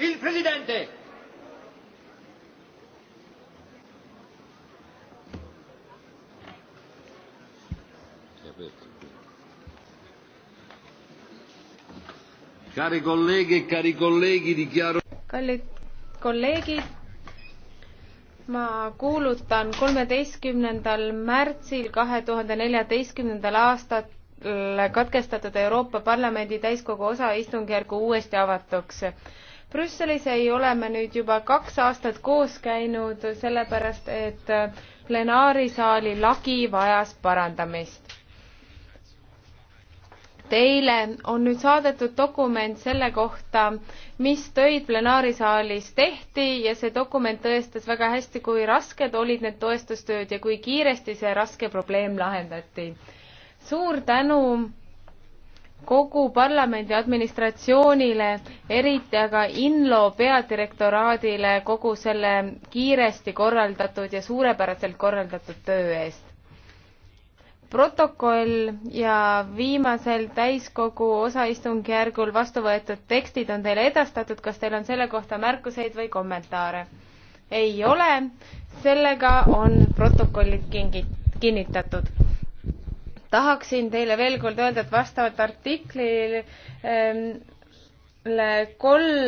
Il Presidente! Cari colleghi e cari colleghi, dichiaro... Kallid kolleegid, ma kuulutan kolmeteistkümnendal märtsil kahe tuhande neljateistkümnendal aastal katkestatud Euroopa Parlamendi täiskogu osaistungjärgu uuesti avatuks. Brüsselis ei ole me nüüd juba kaks aastat koos käinud, sellepärast et äh, plenaarisaali lagi vajas parandamist. Teile on nüüd saadetud dokument selle kohta, mis töid plenaarisaalis tehti ja see dokument tõestas väga hästi, kui rasked olid need toestustööd ja kui kiiresti see raske probleem lahendati. suur tänu kogu parlamendi administratsioonile, eriti aga INLO peadirektoraadile kogu selle kiiresti korraldatud ja suurepäraselt korraldatud töö eest. protokoll ja viimasel täiskogu osaistungjärgul vastu võetud tekstid on teile edastatud, kas teil on selle kohta märkuseid või kommentaare? ei ole, sellega on protokollid kingi-, kinnitatud tahaksin teile veel kord öelda, et vastavalt artiklile kolm